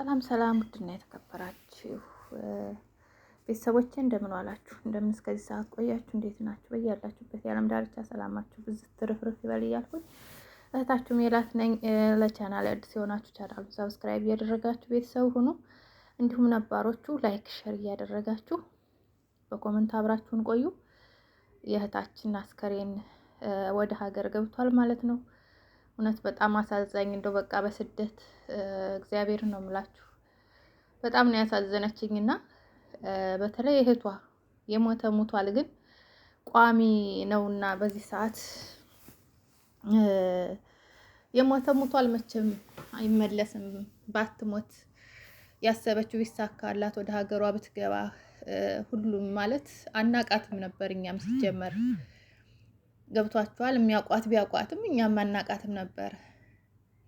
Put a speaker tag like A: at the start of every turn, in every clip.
A: ሰላም ሰላም፣ ውድና የተከበራችሁ ቤተሰቦቼ እንደምን ዋላችሁ? እንደምን እስከዚህ ሰዓት ቆያችሁ? እንዴት ናችሁ? በያላችሁበት የዓለም ዳርቻ ሰላማችሁ ብዙ ትርፍርፍ ይበል እያልኩኝ እህታችሁ ሜላት ነኝ። ለቻናል አዲስ የሆናችሁ ቻናሉ ሰብስክራይብ እያደረጋችሁ ቤተሰብ ሁኑ። እንዲሁም ነባሮቹ ላይክ፣ ሸር እያደረጋችሁ በኮመንት አብራችሁን ቆዩ። የእህታችን አስከሬን ወደ ሀገር ገብቷል ማለት ነው። እውነት በጣም አሳዛኝ እንደው በቃ በስደት እግዚአብሔር ነው የምላችሁ በጣም ነው ያሳዘነችኝና በተለይ እህቷ የሞተ ሙቷል፣ ግን ቋሚ ነውና በዚህ ሰዓት የሞተ ሙቷል። መቼም አይመለስም። ባትሞት ያሰበችው ቢሳካላት ወደ ሀገሯ ብትገባ ሁሉም ማለት አናቃትም ነበር እኛም ሲጀመር ገብቷችኋል። የሚያውቋት ቢያውቋትም እኛም አናቃትም ነበር።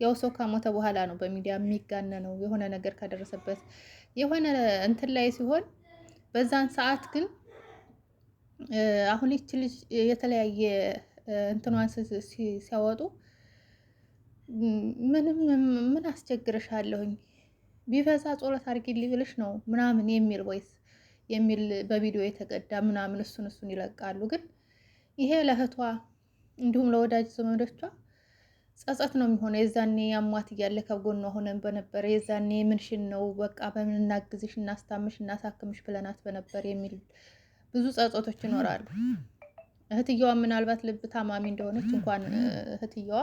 A: ያው ሰው ከሞተ በኋላ ነው በሚዲያ የሚጋነነው የሆነ ነገር ከደረሰበት የሆነ እንትን ላይ ሲሆን፣ በዛን ሰዓት ግን አሁን ይች ልጅ የተለያየ እንትኗን ሲያወጡ ምንም ምን አስቸግርሻለሁኝ ቢበዛ ጸሎት አድርጊልኝ ብልሽ ነው ምናምን የሚል ወይስ የሚል በቪዲዮ የተቀዳ ምናምን እሱን እሱን ይለቃሉ ግን ይሄ ለእህቷ እንዲሁም ለወዳጅ ዘመዶቿ ጸጸት ነው የሚሆነው። የዛኔ አሟት እያለ ከጎኗ ሆነን በነበረ የዛኔ ምንሽን ነው በቃ በምንናግዝሽ እናስታምሽ እናሳክምሽ ብለናት በነበር የሚል ብዙ ጸጸቶች ይኖራሉ። እህትየዋ ምናልባት ልብ ታማሚ እንደሆነች እንኳን እህትየዋ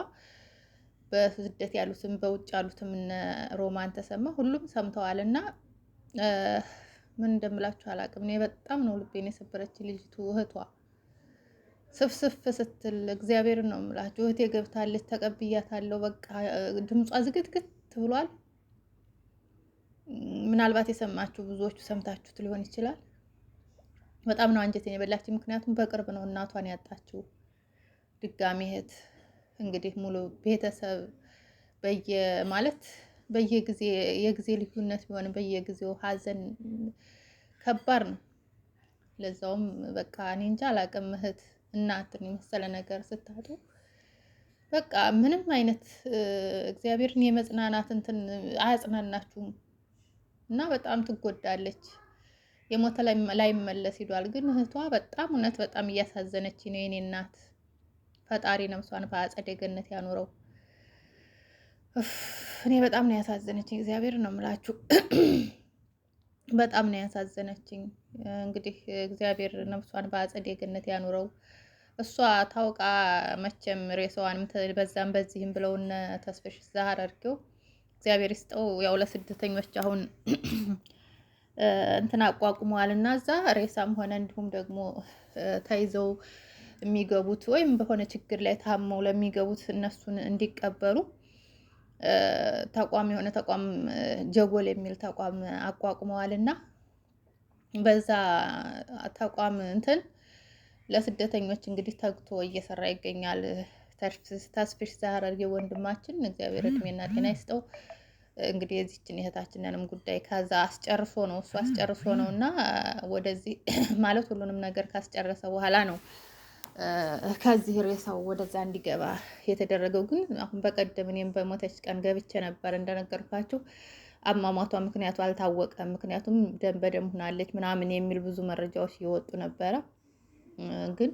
A: በስደት ያሉትም በውጭ ያሉትም እነ ሮማን ተሰማ ሁሉም ሰምተዋል። እና ምን እንደምላችሁ አላቅም። እኔ በጣም ነው ልቤን የሰበረች ልጅቱ እህቷ ስፍስፍ ስትል እግዚአብሔር ነው የምላችሁ። እህቴ ገብታለች፣ ተቀብያታለሁ። በቃ ድምጿ ዝግትግት ብሏል። ምናልባት የሰማችሁ ብዙዎቹ ሰምታችሁት ሊሆን ይችላል። በጣም ነው አንጀቴን የበላችሁ። ምክንያቱም በቅርብ ነው እናቷን ያጣችው ድጋሚ እህት። እንግዲህ ሙሉ ቤተሰብ በየ ማለት በየጊዜ የጊዜ ልዩነት ቢሆንም በየጊዜው ሀዘን ከባድ ነው። ለዛውም በቃ እኔ እንጃ አላቅም እህት እናትን የመሰለ ነገር ስታጡ በቃ ምንም አይነት እግዚአብሔርን የመጽናናት እንትን አያጽናናችሁም እና በጣም ትጎዳለች። የሞተ ላይመለስ ሂዷል። ግን እህቷ በጣም እውነት በጣም እያሳዘነች ነው የኔ እናት። ፈጣሪ ነፍሷን በአጸደ ገነት ያኖረው። እኔ በጣም ነው ያሳዘነችኝ። እግዚአብሔር ነው የምላችሁ፣ በጣም ነው ያሳዘነችኝ። እንግዲህ እግዚአብሔር ነፍሷን በአጸደ ገነት ያኖረው። እሷ ታውቃ መቼም ሬሳዋን በዛም በዚህም ብለውነ ተስፈሽ ዛህር አድርገው እግዚአብሔር ይስጠው። ያው ለስደተኞች አሁን እንትን አቋቁመዋል እና እዛ ሬሳም ሆነ እንዲሁም ደግሞ ተይዘው የሚገቡት ወይም በሆነ ችግር ላይ ታመው ለሚገቡት እነሱን እንዲቀበሉ ተቋም የሆነ ተቋም ጀጎል የሚል ተቋም አቋቁመዋል እና በዛ ተቋም እንትን ለስደተኞች እንግዲህ ተግቶ እየሰራ ይገኛል። ተስፊሽ ዛሀረርጌ የወንድማችን እግዚአብሔር እድሜና ጤና ይስጠው። እንግዲህ የዚችን እህታችንንም ጉዳይ ከዛ አስጨርሶ ነው እሱ አስጨርሶ ነው እና ወደዚህ ማለት ሁሉንም ነገር ካስጨረሰ በኋላ ነው ከዚህ ሬሳው ወደዛ እንዲገባ የተደረገው። ግን አሁን በቀደም እኔም በሞተች ቀን ገብቼ ነበር እንደነገርኳቸው አሟሟቷ ምክንያቱ አልታወቀም። ምክንያቱም ደም በደም ሁናለች ምናምን የሚል ብዙ መረጃዎች እየወጡ ነበረ። ግን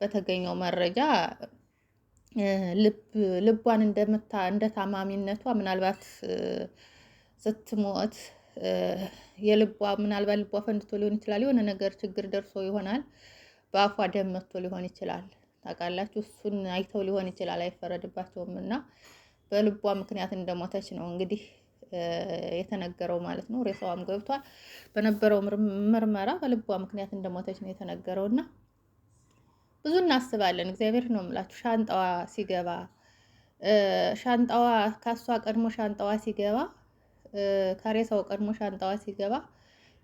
A: በተገኘው መረጃ ልቧን እንደምታ እንደ ታማሚነቷ ምናልባት ስትሞት የልቧ ምናልባት ልቧ ፈንድቶ ሊሆን ይችላል። የሆነ ነገር ችግር ደርሶ ይሆናል። በአፏ ደም መጥቶ ሊሆን ይችላል። ታውቃላችሁ፣ እሱን አይተው ሊሆን ይችላል። አይፈረድባቸውም እና በልቧ ምክንያት እንደሞተች ነው እንግዲህ የተነገረው ማለት ነው። ሬሳዋም ገብቷል። በነበረው ምርመራ በልቧ ምክንያት እንደሞተች ነው የተነገረው እና ብዙ እናስባለን። እግዚአብሔር ነው የምላችሁ። ሻንጣዋ ሲገባ ሻንጣዋ ካሷ ቀድሞ ሻንጣዋ ሲገባ ከሬሳው ቀድሞ ሻንጣዋ ሲገባ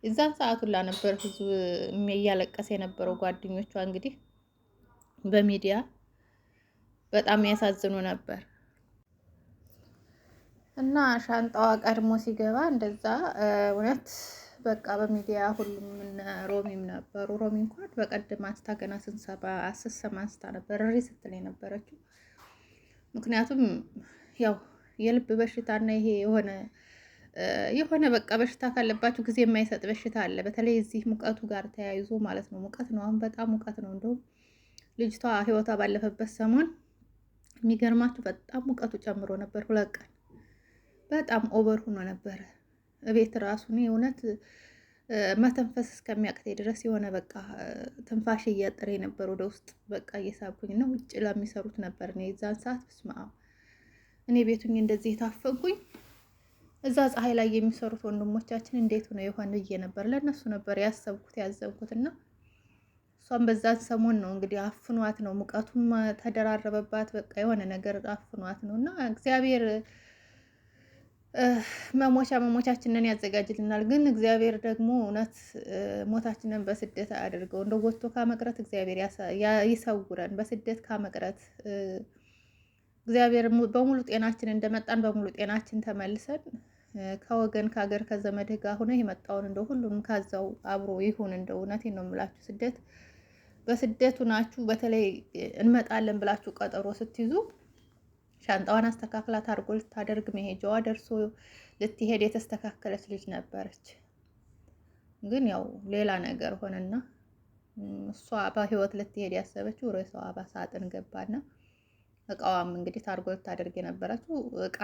A: እዛን ሰዓት ሁላ ነበር ህዝብ እያለቀሰ የነበረው። ጓደኞቿ እንግዲህ በሚዲያ በጣም ያሳዝኑ ነበር እና ሻንጣዋ ቀድሞ ሲገባ እንደዛ እውነት በቃ በሚዲያ ሁሉም ሮሚም ነበሩ። ሮሚ እንኳን በቀደም አንስታ ገና ስንሰባ አስሰማ አንስታ ነበር ሪ ስትል የነበረችው። ምክንያቱም ያው የልብ በሽታና ይሄ የሆነ የሆነ በቃ በሽታ ካለባችሁ ጊዜ የማይሰጥ በሽታ አለ። በተለይ እዚህ ሙቀቱ ጋር ተያይዞ ማለት ነው። ሙቀት ነው፣ አሁን በጣም ሙቀት ነው። እንደውም ልጅቷ ህይወቷ ባለፈበት ሰሞን የሚገርማችሁ በጣም ሙቀቱ ጨምሮ ነበር። ሁለት ቀን በጣም ኦቨር ሆኖ ነበረ። እቤት ራሱ እኔ እውነት መተንፈስ እስከሚያቅተኝ ድረስ የሆነ በቃ ትንፋሽ እያጠረ ነበር ወደ ውስጥ በቃ እየሳብኩኝ ነው። ውጭ ለሚሰሩት ነበር እኔ የዛን ሰዓት ስማ እኔ ቤቱኝ እንደዚህ የታፈንኩኝ እዛ ፀሐይ ላይ የሚሰሩት ወንድሞቻችን እንዴት ነው የሆነ ብዬ ነበር ለእነሱ ነበር ያሰብኩት ያዘብኩት እና እሷም በዛን ሰሞን ነው እንግዲህ አፍኗት ነው ሙቀቱም ተደራረበባት። በቃ የሆነ ነገር አፍኗት ነው እና እግዚአብሔር መሞቻ መሞቻችንን ያዘጋጅልናል። ግን እግዚአብሔር ደግሞ እውነት ሞታችንን በስደት አድርገው እንደ ወጥቶ ካመቅረት እግዚአብሔር ይሰውረን። በስደት ካመቅረት እግዚአብሔር በሙሉ ጤናችን እንደመጣን በሙሉ ጤናችን ተመልሰን ከወገን ከሀገር ከዘመድ ህጋ ሁነ የመጣውን እንደ ሁሉም ከዛው አብሮ ይሁን። እንደ እውነት ነው የምላችሁ ስደት በስደቱ ናችሁ። በተለይ እንመጣለን ብላችሁ ቀጠሮ ስትይዙ ሻንጣዋን አስተካክላ ታርጎ ልታደርግ መሄጃዋ ደርሶ ልትሄድ የተስተካከለች ልጅ ነበረች። ግን ያው ሌላ ነገር ሆነና እሷ በህይወት ልትሄድ ያሰበችው ሬሳዋ በሳጥን ገባና እቃዋም እንግዲህ ታርጎ ልታደርግ የነበረችው እቃ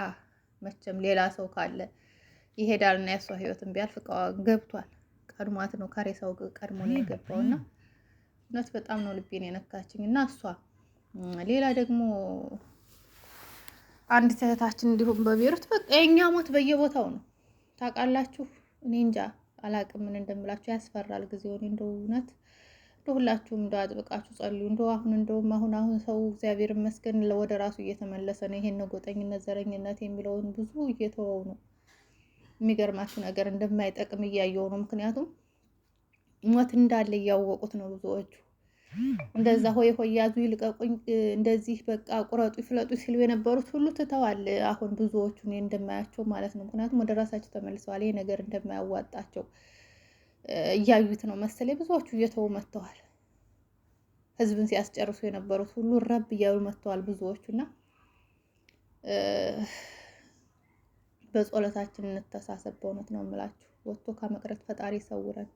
A: መቼም ሌላ ሰው ካለ ይሄዳልና የሷ ህይወትን ቢያልፍ እቃዋ ገብቷል። ቀድሟት ነው ከሬሳው ቀድሞ ነው የገባውና እውነት በጣም ነው ልቤን የነካችኝ እና እሷ ሌላ ደግሞ አንድ እህታችን እንዲሁም በቤሩት በቃ የእኛ ሞት በየቦታው ነው። ታውቃላችሁ፣ እኔ እንጃ አላቅም ምን እንደምላችሁ። ያስፈራል ሆኔ እንደ እውነት ሁላችሁም እንደ አጥብቃችሁ ጸልዩ። እንደ አሁን እንደውም አሁን አሁን ሰው እግዚአብሔር ይመስገን ወደ ራሱ እየተመለሰ ነው። ይሄን ጎጠኝነት፣ ዘረኝነት የሚለውን ብዙ እየተወው ነው። የሚገርማችሁ ነገር እንደማይጠቅም እያየው ነው። ምክንያቱም ሞት እንዳለ እያወቁት ነው ብዙዎቹ እንደዛ ሆይ ሆይ ያዙ ይልቀቁኝ፣ እንደዚህ በቃ ቁረጡ ይፍለጡ ሲሉ የነበሩት ሁሉ ትተዋል። አሁን ብዙዎቹ እኔ እንደማያቸው ማለት ነው። ምክንያቱም ወደ ራሳቸው ተመልሰዋል። ይሄ ነገር እንደማያዋጣቸው እያዩት ነው መሰለኝ ብዙዎቹ እየተው መጥተዋል። ህዝብን ሲያስጨርሱ የነበሩት ሁሉ ረብ እያሉ መጥተዋል ብዙዎቹ እና በጸሎታችን እንተሳሰብ። በእውነት ነው የምላችሁ ወጥቶ ከመቅረት ፈጣሪ ይሰውረን።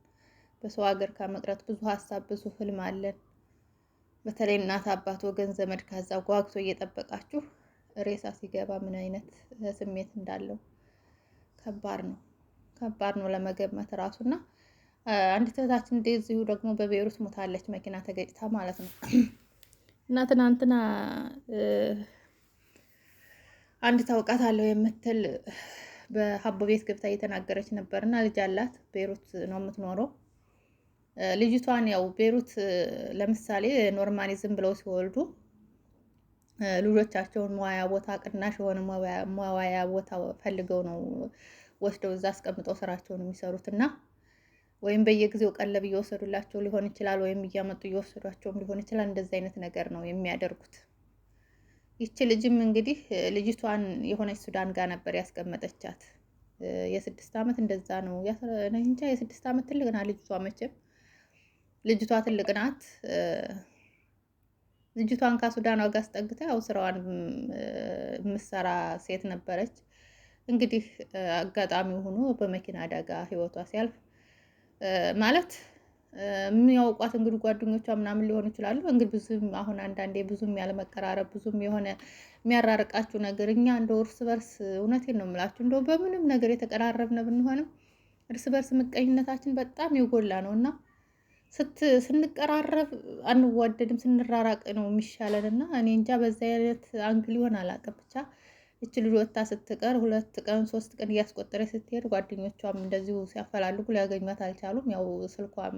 A: በሰው ሀገር ከመቅረት ብዙ ሀሳብ ብዙ ህልም አለን። በተለይ እናት አባት፣ ወገን ዘመድ ካዛ ጓግቶ እየጠበቃችሁ ሬሳ ሲገባ ምን አይነት ስሜት እንዳለው ከባድ ነው፣ ከባድ ነው ለመገመት ራሱ እና አንዲት እህታችን እንደዚሁ ደግሞ በቤሩት ሞታለች፣ መኪና ተገጭታ ማለት ነው። እና ትናንትና አንድ ታውቃታለሁ የምትል በሀቦ ቤት ገብታ እየተናገረች ነበር። እና ልጅ አላት፣ ቤሩት ነው የምትኖረው። ልጅቷን ያው ቤሩት ለምሳሌ ኖርማሊዝም ብለው ሲወልዱ ልጆቻቸውን መዋያ ቦታ ቅናሽ የሆነ መዋያ ቦታ ፈልገው ነው ወስደው እዛ አስቀምጠው ስራቸውን የሚሰሩት እና ወይም በየጊዜው ቀለብ እየወሰዱላቸው ሊሆን ይችላል፣ ወይም እያመጡ እየወሰዷቸውም ሊሆን ይችላል። እንደዚህ አይነት ነገር ነው የሚያደርጉት። ይቺ ልጅም እንግዲህ ልጅቷን የሆነች ሱዳን ጋር ነበር ያስቀመጠቻት። የስድስት ዓመት እንደዛ ነው እንጃ የስድስት ዓመት ትልቅና ልጅቷ መቼም ልጅቷ ትልቅ ናት። ልጅቷን ከሱዳን ዋጋ አስጠግተ ያው ስራዋን የምትሰራ ሴት ነበረች። እንግዲህ አጋጣሚ ሆኖ በመኪና አደጋ ህይወቷ ሲያልፍ ማለት የሚያውቋት እንግዲህ ጓደኞቿ ምናምን ሊሆኑ ይችላሉ። እንግዲህ ብዙም አሁን አንዳንዴ ብዙም ያለመቀራረብ ብዙም የሆነ የሚያራርቃችሁ ነገር እኛ እንደ እርስ በርስ እውነቴን ነው የምላችሁ እንደ በምንም ነገር የተቀራረብነ ብንሆንም እርስ በርስ ምቀኝነታችን በጣም የጎላ ነው እና ስንቀራረብ አንዋደድም፣ ስንራራቅ ነው የሚሻለን። እና እኔ እንጃ በዛ አይነት አንግል ይሆን አላውቅም። ብቻ እች ልጅ ወታ ስትቀር ሁለት ቀን ሶስት ቀን እያስቆጠረ ስትሄድ ጓደኞቿም እንደዚሁ ሲያፈላልጉ ሊያገኟት አልቻሉም። ያው ስልኳም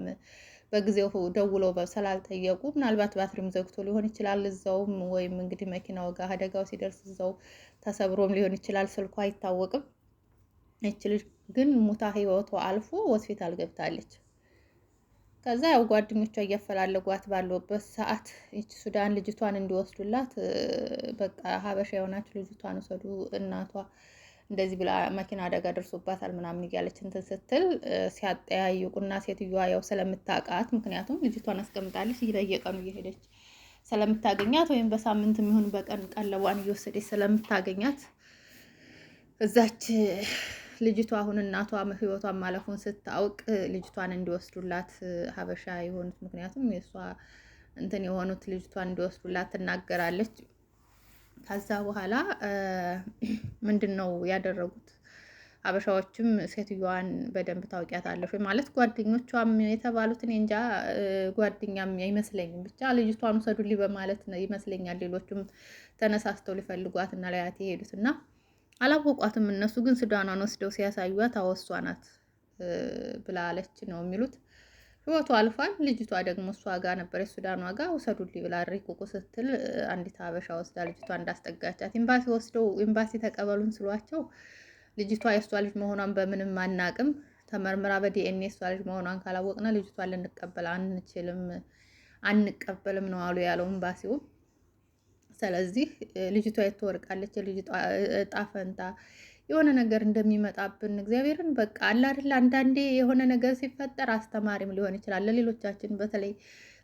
A: በጊዜው ደውለው ስላልጠየቁ ምናልባት ባትሪም ዘግቶ ሊሆን ይችላል። እዛውም ወይም እንግዲህ መኪናው ጋር አደጋው ሲደርስ እዛው ተሰብሮም ሊሆን ይችላል። ስልኳ አይታወቅም። እች ልጅ ግን ሙታ ህይወቷ አልፎ ሆስፒታል ገብታለች። ከዛ ያው ጓደኞቿ እያፈላለጓት ባለበት ሰዓት ይቺ ሱዳን ልጅቷን እንዲወስዱላት በቃ ሀበሻ የሆናችሁ ልጅቷን ውሰዱ፣ እናቷ እንደዚህ ብላ መኪና አደጋ ደርሶባታል ምናምን እያለች እንትን ስትል ሲያጠያይቁና ሴትዮዋ ያው ስለምታውቃት ምክንያቱም ልጅቷን አስቀምጣለች እየጠየቀኑ እየሄደች ስለምታገኛት ወይም በሳምንት የሚሆን በቀን ቀለቧን እየወሰደች ስለምታገኛት እዛች ልጅቷ አሁን እናቷ ህይወቷን ማለፉን ስታውቅ ልጅቷን እንዲወስዱላት ሀበሻ የሆኑት ምክንያቱም የእሷ እንትን የሆኑት ልጅቷን እንዲወስዱላት ትናገራለች። ከዛ በኋላ ምንድን ነው ያደረጉት? ሀበሻዎችም ሴትዮዋን በደንብ ታውቂያታለሽ ማለት ጓደኞቿም እኔ እንጃ ጓደኛም አይመስለኝም፣ ብቻ ልጅቷን ውሰዱልኝ በማለት ይመስለኛል ሌሎቹም ተነሳስተው ሊፈልጓት እና ላያት የሄዱት እና አላወቋትም። እነሱ ግን ስዳኗን ወስደው ሲያሳዩት አወሷ ናት ብላለች ነው የሚሉት። ህይወቱ አልፏል። ልጅቷ ደግሞ እሷ ጋር ነበረች፣ ሱዳኗ ጋር ውሰዱልኝ ብላ ሪ ስትል አንዲት ሀበሻ ወስዳ ልጅቷ እንዳስጠጋቻት ኤምባሲ ወስደው ኤምባሲ ተቀበሉን ስሏቸው ልጅቷ የእሷ ልጅ መሆኗን በምንም አናቅም፣ ተመርምራ በዲኤንኤ እሷ ልጅ መሆኗን ካላወቅና ልጅቷ ልንቀበል አንችልም፣ አንቀበልም ነው አሉ ያለው ኤምባሲውን ስለዚህ ልጅቷ የተወርቃለች የልጅቷ እጣ ፈንታ የሆነ ነገር እንደሚመጣብን እግዚአብሔርን በቃ አለ አንዳንዴ የሆነ ነገር ሲፈጠር አስተማሪም ሊሆን ይችላል ለሌሎቻችን። በተለይ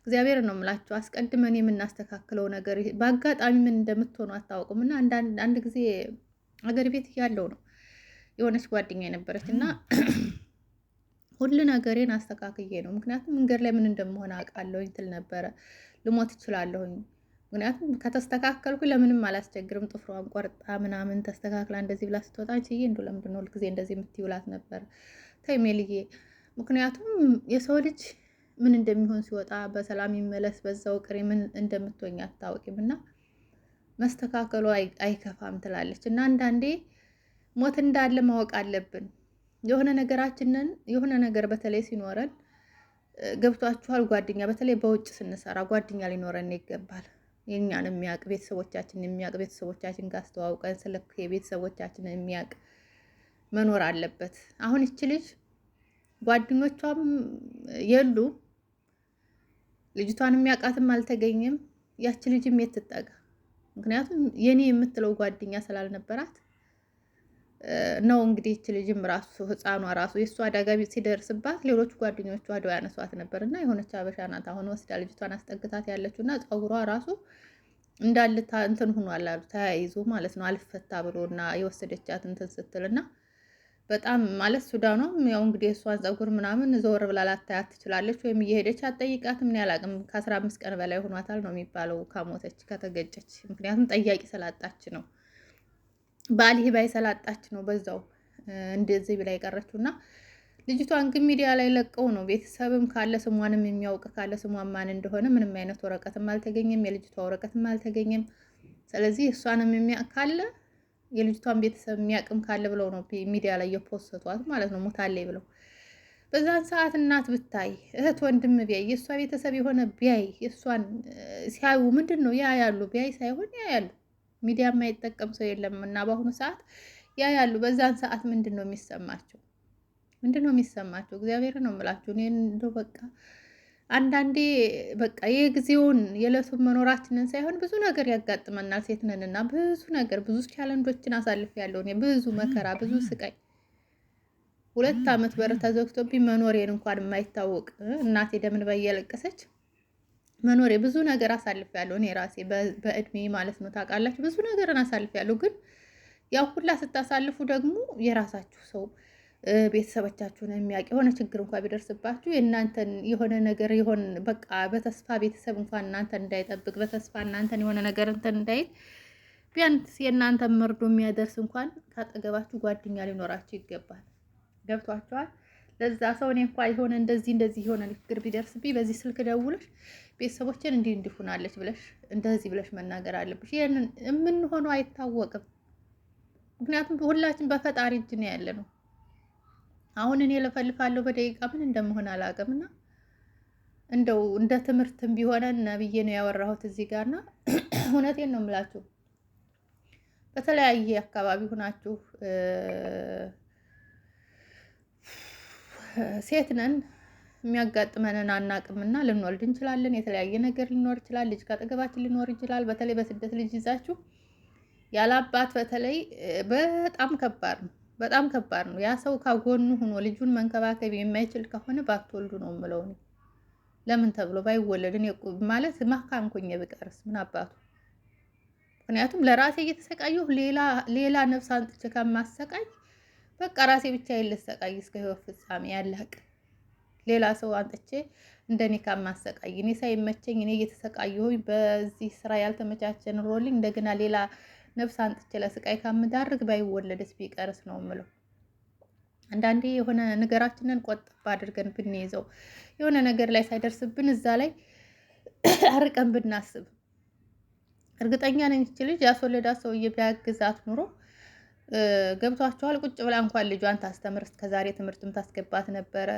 A: እግዚአብሔር ነው የምላቸው አስቀድመን የምናስተካክለው ነገር በአጋጣሚ ምን እንደምትሆኑ አታውቁም። እና አንድ ጊዜ አገር ቤት እያለሁ ነው የሆነች ጓደኛ የነበረች እና ሁሉ ነገሬን አስተካክዬ ነው ምክንያቱም መንገድ ላይ ምን እንደምሆን አውቃለሁኝ ትል ነበረ ልሞት እችላለሁኝ ምክንያቱም ከተስተካከልኩ ለምንም አላስቸግርም። ጥፍሯን ቆርጣ ምናምን ተስተካክላ እንደዚህ ብላ ስትወጣ ችዬ እንዱ ለምንድን ነው ሁልጊዜ እንደዚህ የምትይውላት ነበር? ተይ ምክንያቱም የሰው ልጅ ምን እንደሚሆን ሲወጣ በሰላም ይመለስ፣ በዛው ቅሬ ምን እንደምትወኝ አታወቂም እና መስተካከሉ አይከፋም ትላለች። እና አንዳንዴ ሞት እንዳለ ማወቅ አለብን። የሆነ ነገራችንን የሆነ ነገር በተለይ ሲኖረን ገብቷችኋል። ጓደኛ በተለይ በውጭ ስንሰራ ጓደኛ ሊኖረን ይገባል። የኛን የሚያውቅ ቤተሰቦቻችን የሚያውቅ ቤተሰቦቻችን ጋር አስተዋውቀን ስለ የቤተሰቦቻችን የሚያውቅ መኖር አለበት። አሁን እች ልጅ ጓደኞቿም የሉ ልጅቷን የሚያውቃትም አልተገኘም። ያች ልጅም የትጠጋ ምክንያቱም የኔ የምትለው ጓደኛ ስላልነበራት ነው እንግዲህ ይች ልጅም ራሱ ህፃኗ ራሱ የእሷ አደጋ ሲደርስባት ሌሎች ጓደኞቹ ደው ያነሷት ነበር እና የሆነች አበሻ ናት አሁን ወስዳ ልጅቷን አስጠግታት ያለችው እና ፀጉሯ ራሱ እንዳለ እንትን ሁኗል አሉ ተያይዞ ማለት ነው አልፈታ ብሎ እና የወሰደቻት እንትን ስትል እና በጣም ማለት ሱዳኗም ያው እንግዲህ እሷን ፀጉር ምናምን ዘወር ብላ ላታያት ትችላለች፣ ወይም እየሄደች አትጠይቃትም። እኔ አላቅም። ከአስራ አምስት ቀን በላይ ሆኗታል ነው የሚባለው ከሞተች ከተገጨች፣ ምክንያቱም ጠያቂ ስላጣች ነው። በአሊ ባይ ሰላጣች ነው በዛው እንደዚህ ብላ የቀረችው እና ልጅቷን ግን ሚዲያ ላይ ለቀው ነው ቤተሰብም ካለ ስሟንም የሚያውቅ ካለ ስሟን ማን እንደሆነ ምንም አይነት ወረቀትም አልተገኘም፣ የልጅቷ ወረቀትም አልተገኘም። ስለዚህ እሷንም የሚያውቅ ካለ የልጅቷን ቤተሰብ የሚያውቅም ካለ ብለው ነው ሚዲያ ላይ የፖሰቷት ማለት ነው፣ ሙታለይ ብለው በዛን ሰዓት እናት ብታይ እህት ወንድም ቢያይ የእሷ ቤተሰብ የሆነ ቢያይ እሷን ሲያዩ ምንድን ነው ያ ያሉ ቢያይ ሳይሆን ያ ያሉ ሚዲያ የማይጠቀም ሰው የለም እና በአሁኑ ሰዓት ያ ያሉ በዛን ሰዓት ምንድን ነው የሚሰማቸው? ምንድን ነው የሚሰማቸው? እግዚአብሔር ነው የምላቸው እኔ እንደው በቃ አንዳንዴ በቃ የጊዜውን የዕለቱን መኖራችንን ሳይሆን ብዙ ነገር ያጋጥመናል። ሴት ነን እና ብዙ ነገር ብዙ ቻለንጆችን አሳልፍ ያለው እኔ ብዙ መከራ፣ ብዙ ስቃይ ሁለት ዓመት በር ተዘግቶብኝ መኖሬን እንኳን የማይታወቅ እናቴ ደምን በየለቀሰች መኖሬ ብዙ ነገር አሳልፍ ያለው እኔ ራሴ በእድሜ ማለት ነው ታውቃላችሁ፣ ብዙ ነገርን አሳልፍ ያለው ግን ያው ሁላ ስታሳልፉ ደግሞ የራሳችሁ ሰው ቤተሰቦቻችሁን የሚያውቅ የሆነ ችግር እንኳን ቢደርስባችሁ የእናንተን የሆነ ነገር የሆን በቃ በተስፋ ቤተሰብ እንኳን እናንተን እንዳይጠብቅ በተስፋ እናንተን የሆነ ነገር እንትን እንዳይል ቢያንስ የእናንተን መርዶ የሚያደርስ እንኳን ካጠገባችሁ ጓደኛ ሊኖራችሁ ይገባል። ገብቷችኋል? ለዛ ሰው እኔ እንኳ የሆነ እንደዚህ እንደዚህ የሆነ ንግግር ቢደርስብኝ በዚህ ስልክ ደውለሽ ቤተሰቦችን እንዲህ እንዲሁናለች ብለሽ እንደዚህ ብለሽ መናገር አለብሽ። ይህንን የምንሆነው አይታወቅም። ምክንያቱም ሁላችን በፈጣሪ እጅ ነው ያለ ነው። አሁን እኔ ለፈልፋለሁ በደቂቃ ምን እንደምሆን አላውቅምና እንደው እንደ ትምህርትም ቢሆነ ነብዬ ነው ያወራሁት እዚህ ጋርና እውነቴን ነው የምላችሁ በተለያየ አካባቢ ሁናችሁ ሴት ነን የሚያጋጥመንን አናቅምና ልንወልድ እንችላለን። የተለያየ ነገር ሊኖር ይችላል። ልጅ ከአጠገባችን ሊኖር ይችላል። በተለይ በስደት ልጅ ይዛችሁ ያለ አባት በተለይ በጣም ከባድ ነው። በጣም ከባድ ነው። ያ ሰው ካጎኑ ሆኖ ልጁን መንከባከብ የማይችል ከሆነ ባትወልዱ ነው የምለው ለምን ተብሎ ባይወለድ ማለት ማካንኩኝ ብቀርስ ምን አባቱ። ምክንያቱም ለራሴ እየተሰቃየሁ ሌላ ነፍስ አንጥቼ ከማሰቃይ በቃ ራሴ ብቻ ልሰቃይ እስከ ህይወት ፍጻሜ ያላቅ ሌላ ሰው አንጥቼ እንደኔ ካማሰቃይ እኔ ሳይመቸኝ እኔ እየተሰቃየሁኝ በዚህ ስራ ያልተመቻቸ ኑሮልኝ እንደገና ሌላ ነፍስ አንጥቼ ለስቃይ ካምዳርግ ባይወለደስ ቢቀርስ ነው ምለው። አንዳንዴ የሆነ ነገራችንን ቆጥብ አድርገን ብንይዘው የሆነ ነገር ላይ ሳይደርስብን እዛ ላይ አርቀን ብናስብ እርግጠኛ ነኝ ይች ልጅ ያስወለዳት ሰውዬ ቢያግዛት ኑሮ ገብቷቸዋል። ቁጭ ብላ እንኳን ልጇን ታስተምር እስከዛሬ ትምህርትም ታስገባት ነበረ።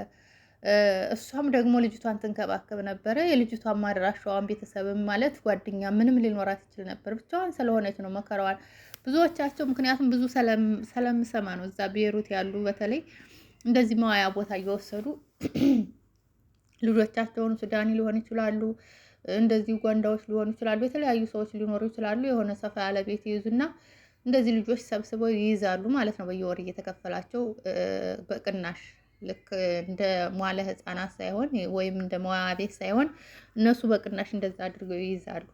A: እሷም ደግሞ ልጅቷን ትንከባከብ ነበረ። የልጅቷን ማድራሻዋን ቤተሰብም ማለት ጓደኛ ምንም ሊኖራት ይችል ነበር። ብቻዋን ስለሆነች ነው መከራዋን ብዙዎቻቸው። ምክንያቱም ብዙ ስለምሰማ ነው እዛ ቤሩት ያሉ በተለይ እንደዚህ መዋያ ቦታ እየወሰዱ ልጆቻቸውን ሱዳኒ ሊሆን ይችላሉ፣ እንደዚህ ጓንዳዎች ሊሆኑ ይችላሉ፣ የተለያዩ ሰዎች ሊኖሩ ይችላሉ። የሆነ ሰፋ ያለ ቤት ይይዙና እንደዚህ ልጆች ሰብስበው ይይዛሉ ማለት ነው። በየወር እየተከፈላቸው በቅናሽ ልክ እንደ ሟለ ህፃናት ሳይሆን ወይም እንደ መዋያ ቤት ሳይሆን እነሱ በቅናሽ እንደዛ አድርገው ይይዛሉ።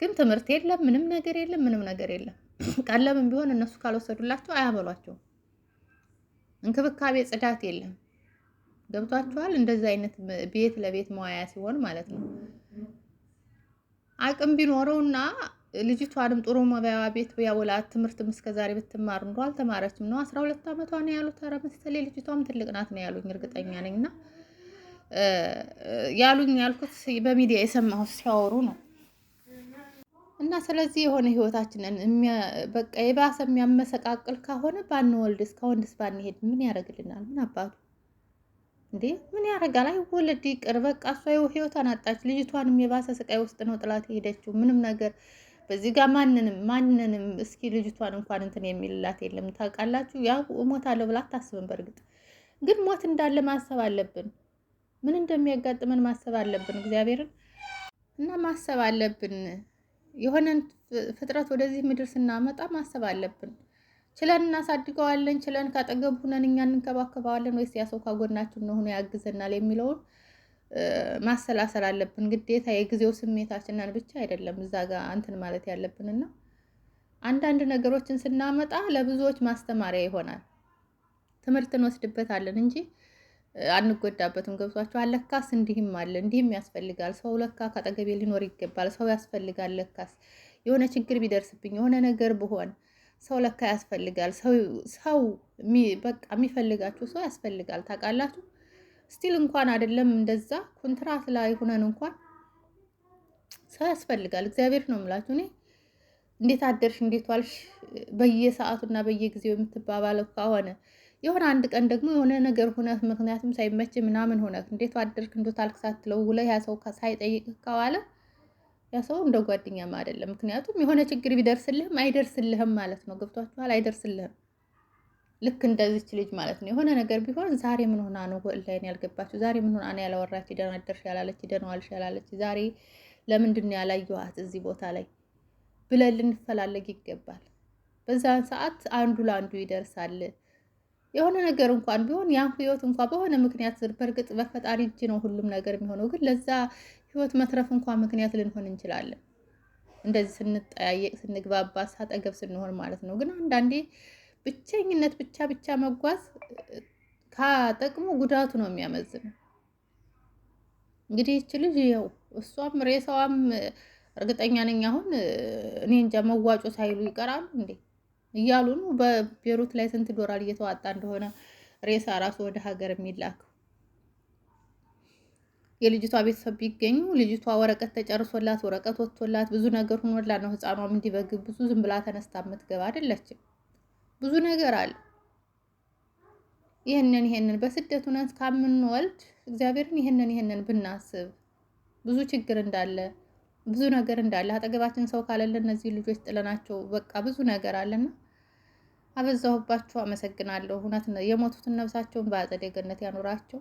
A: ግን ትምህርት የለም፣ ምንም ነገር የለም፣ ምንም ነገር የለም። ቀለምም ቢሆን እነሱ ካልወሰዱላቸው አያበሏቸውም። እንክብካቤ፣ ጽዳት የለም። ገብቷችኋል? እንደዚህ አይነት ቤት ለቤት መዋያ ሲሆን ማለት ነው አቅም ቢኖረውና ልጅቷንም ጥሩ መበያ ቤት ያውላት ትምህርትም ዛሬ ብትማር ኑሮ አልተማረችም ነው። አስራ ሁለት ዓመቷ ነው ያሉት። ኧረ መሰሌ ልጅቷም ትልቅ ናት ነው ያሉኝ። እርግጠኛ ነኝ እና ያሉኝ ያልኩት በሚዲያ የሰማሁት ሲያወሩ ነው። እና ስለዚህ የሆነ ህይወታችንን በቃ የባሰ የሚያመሰቃቅል ከሆነ ባንወልድ ከወንድስ ባንሄድ ምን ያደርግልናል? ምን አባቱ እንዴ ምን ያደርጋል? አይወለድ ይቅር። በቃ እሷ ህይወቷን አጣች። ልጅቷንም የባሰ ስቃይ ውስጥ ነው ጥላት የሄደችው ምንም ነገር በዚህ ጋር ማንንም ማንንም እስኪ ልጅቷን እንኳን እንትን የሚልላት የለም። ታውቃላችሁ፣ ያው እሞታለሁ ብላ አታስብም። በእርግጥ ግን ሞት እንዳለ ማሰብ አለብን። ምን እንደሚያጋጥመን ማሰብ አለብን። እግዚአብሔርን እና ማሰብ አለብን። የሆነን ፍጥረት ወደዚህ ምድር ስናመጣ ማሰብ አለብን። ችለን እናሳድገዋለን፣ ችለን ካጠገቡ ሁነን እኛ እንንከባከበዋለን፣ ወይስ ያ ሰው ከጎናችን ሆኖ ያግዘናል የሚለውን ማሰላሰል አለብን ግዴታ። የጊዜው ስሜታችንን ብቻ አይደለም እዛ ጋር እንትን ማለት ያለብንና አንዳንድ ነገሮችን ስናመጣ ለብዙዎች ማስተማሪያ ይሆናል። ትምህርት እንወስድበታለን እንጂ አንጎዳበትም። ገብቷችኋል? ለካስ እንዲህም አለ እንዲህም ያስፈልጋል ሰው ለካ ካጠገቤ ሊኖር ይገባል። ሰው ያስፈልጋል። ለካስ የሆነ ችግር ቢደርስብኝ የሆነ ነገር ብሆን ሰው ለካ ያስፈልጋል። ሰው በቃ የሚፈልጋችሁ ሰው ያስፈልጋል። ታውቃላችሁ ስቲል እንኳን አይደለም እንደዛ ኮንትራት ላይ ሆነን እንኳን ሰው ያስፈልጋል። እግዚአብሔር ነው የምላችሁ። እኔ እንዴት አደርሽ እንዴት ዋልሽ በየሰዓቱና በየጊዜው የምትባባለው ከሆነ የሆነ አንድ ቀን ደግሞ የሆነ ነገር ሁነት ምክንያቱም ሳይመች ምናምን ሆነ እንዴት አደርክ እንዶት አልክ ሳትለው ያ ሰው ሳይጠይቅህ ከዋለ ያ ሰው እንደ ጓደኛም አይደለም። ምክንያቱም የሆነ ችግር ቢደርስልህም አይደርስልህም ማለት ነው። ገብቷችኋል? አይደርስልህም ልክ እንደዚች ልጅ ማለት ነው። የሆነ ነገር ቢሆን ዛሬ ምን ሆና ነው ላይን ያልገባችሁ? ዛሬ ምን ሆና ነው ያላወራች? ደናደርሽ ያላለች፣ ደነዋልሽ ያላለች፣ ዛሬ ለምንድን ነው ያላየኋት እዚህ ቦታ ላይ ብለን ልንፈላለግ ይገባል። በዛን ሰዓት አንዱ ለአንዱ ይደርሳል። የሆነ ነገር እንኳን ቢሆን ያን ህይወት እንኳ በሆነ ምክንያት በእርግጥ በፈጣሪ እጅ ነው ሁሉም ነገር የሚሆነው፣ ግን ለዛ ህይወት መትረፍ እንኳን ምክንያት ልንሆን እንችላለን። እንደዚህ ስንጠያየቅ፣ ስንግባባ፣ ሳጠገብ ስንሆን ማለት ነው። ግን አንዳንዴ ብቸኝነት ብቻ ብቻ መጓዝ ከጥቅሙ ጉዳቱ ነው የሚያመዝነው። እንግዲህ ይች ልጅ ያው እሷም ሬሳዋም እርግጠኛ ነኝ አሁን እኔ እንጃ መዋጮ ሳይሉ ይቀራሉ እንዴ እያሉ ነው። በቤሩት ላይ ስንት ዶላር እየተዋጣ እንደሆነ ሬሳ ራሱ ወደ ሀገር የሚላከው። የልጅቷ ቤተሰብ ቢገኙ ልጅቷ ወረቀት ተጨርሶላት ወረቀት ወጥቶላት ብዙ ነገር ሆኖላት ነው። ህፃኗም እንዲበግብ ብዙ ዝም ብላ ተነስታ የምትገባ አይደለችም። ብዙ ነገር አለ። ይህንን ይህንን በስደት ሆነን ከምንወልድ እግዚአብሔርን ይህንን ይህንን ብናስብ ብዙ ችግር እንዳለ ብዙ ነገር እንዳለ አጠገባችን ሰው ካለለ እነዚህ ልጆች ጥለናቸው በቃ ብዙ ነገር አለና አበዛሁባችሁ። አመሰግናለሁ። እውነት የሞቱትን ነፍሳቸውን በአጸደ ገነት ያኖራቸው።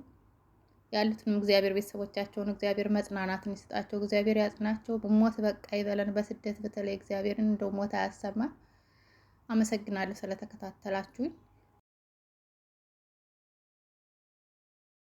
A: ያሉትንም እግዚአብሔር ቤተሰቦቻቸውን እግዚአብሔር መጽናናትን ይስጣቸው። እግዚአብሔር ያጽናቸው። ሞት በቃ ይበለን። በስደት በተለይ እግዚአብሔርን እንደው ሞት አያሰማን። አመሰግናለሁ ስለተከታተላችሁኝ።